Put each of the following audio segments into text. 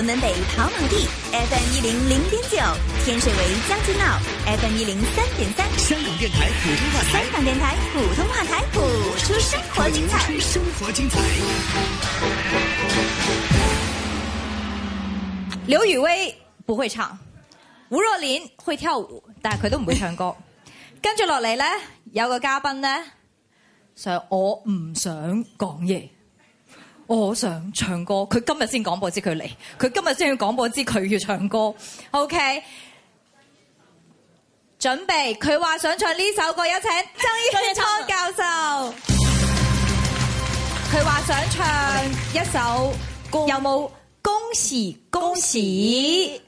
屯門北跑馬地 FM 一零零點九，9，天水圍將軍澳 FM 一零三點三，香港電台普通話台，香港電台普通話台，播出生活精彩，生活精彩。劉雨薇不會唱，吳若琳會跳舞，但係佢都唔會唱歌。 跟住落嚟呢，有個嘉賓呢，就我唔想講嘢。我想唱歌，佢今日先廣播知佢嚟，佢今日先要廣播知佢要唱歌。OK，的準備，佢話想唱呢首歌，有請曾洲滄教授。佢話喜想唱一首歌的，有冇恭喜恭喜？恭喜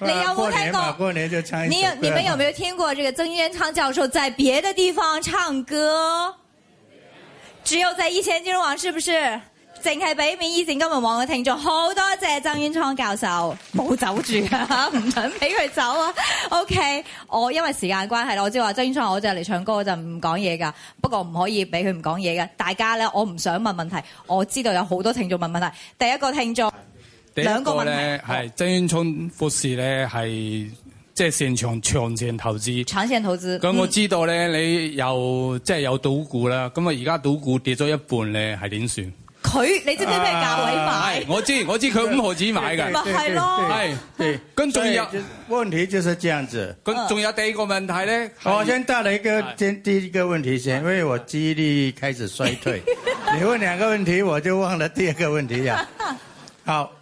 你有冇聽過，啊過過啊、你有你們有沒有聽過這個曾淵滄教授在別的地方唱歌？啊、只有在以前金文網是不是？淨係俾面以前金文網嘅聽眾，好多謝曾淵滄教授，冇走住噶、啊，唔想俾佢走啊。OK，我因為時間關係啦，我只話曾淵滄我就嚟唱歌，我就唔講嘢噶。不過唔可以俾佢唔講嘢噶，大家咧，我唔想問問題，我知道有好多聽眾問問題。第一個聽眾。兩個咧，係曾洲滄博士咧，係即係擅長長線投資，長線投資。咁我知道咧，你又即係有賭股啦。咁啊，而家賭股跌咗一半咧，係點算？佢你知唔知咩價位買？我知，我知佢五毫子買噶。係咯，係對。咁仲有問題就是這樣子。咁仲有第二個問題咧？我先答你一個，第第一個問題先，因為我記憶力開始衰退。你問兩個問題，我就忘了第二個問題呀。好。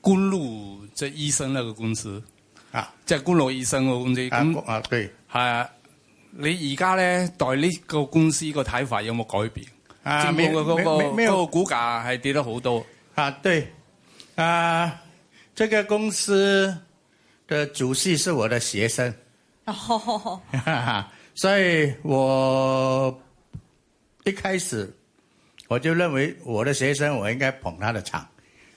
公路即係、就是、醫生呢個公司，啊，即係公路醫生嗰個公司咁啊，對係啊，你而家咧對呢個公司個睇法有冇改變？啊，咩個咩個股價係跌得好多？啊，對啊，這個公司的主席是我的學生，oh. 啊所以我一開始我就認為我的學生我應該捧他的場。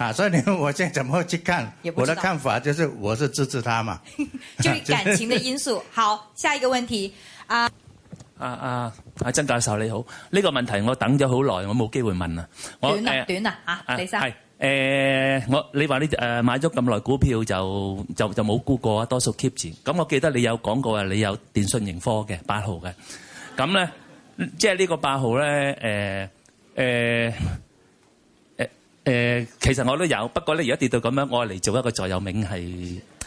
啊，所以你們我先怎麼去看？我的看法就是，我是支持他嘛。就 感情的因素。好，下一個問題、uh、啊。啊啊，阿曾教授你好，呢、呢個問題我等咗好耐，我冇機會問啊。短啊，短啊，啊，李生係誒，我你話你誒、呃、買咗咁耐股票就就就冇沽過啊，多數 keep 住。咁我記得你有講過啊，你有電訊盈科嘅八號嘅。咁咧，呢 即係呢個八號咧，誒、呃、誒。呃 誒、呃，其實我都有，不過咧，而家跌到咁樣，我嚟做一個座右銘係，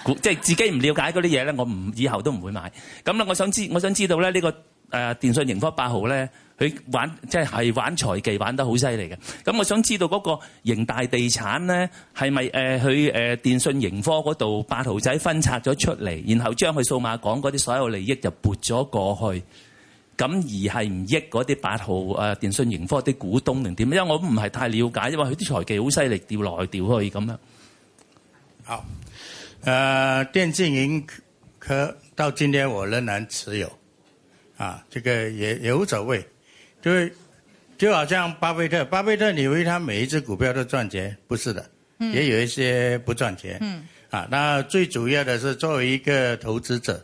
即係自己唔了解嗰啲嘢咧，我唔以後都唔會買。咁啦，我想知，我想知道咧，道呢、呢個誒、呃、電信盈科八號咧，佢玩即係係玩財技，玩得好犀利嘅。咁我想知道嗰個盈大地產咧，係咪誒去誒電信盈科嗰度八號仔分拆咗出嚟，然後將佢數碼港嗰啲所有利益就撥咗過去？咁而係唔益嗰啲八號誒電信盈科啲股東定點，因為我唔係太了解，因為佢啲財技好犀利，調來調去咁樣。好，誒、呃、電信盈科到今天我仍然持有，啊，這個也也無所謂，就就好像巴菲特，巴菲特你以為他每一支股票都賺錢，不是的，嗯、也有一些不賺錢，嗯、啊，那最主要的是作為一個投資者。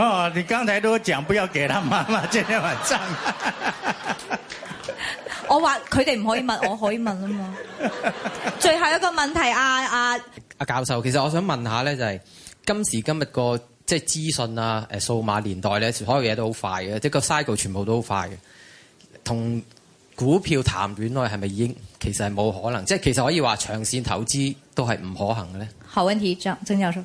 哦，你剛才都講不要給他媽媽這，今天晚上。我話佢哋唔可以問，我可以問啊嘛。最後一個問題啊啊，阿、啊、教授，其實我想問下咧、就是，就係今時今日個即係資訊啊，誒，數碼年代咧，所有嘢都好快嘅，即係個 cycle 全部都好快嘅，同股票談戀愛係咪已經其實係冇可能？即係其實可以話長線投資都係唔可行嘅咧。好問題，曾教授。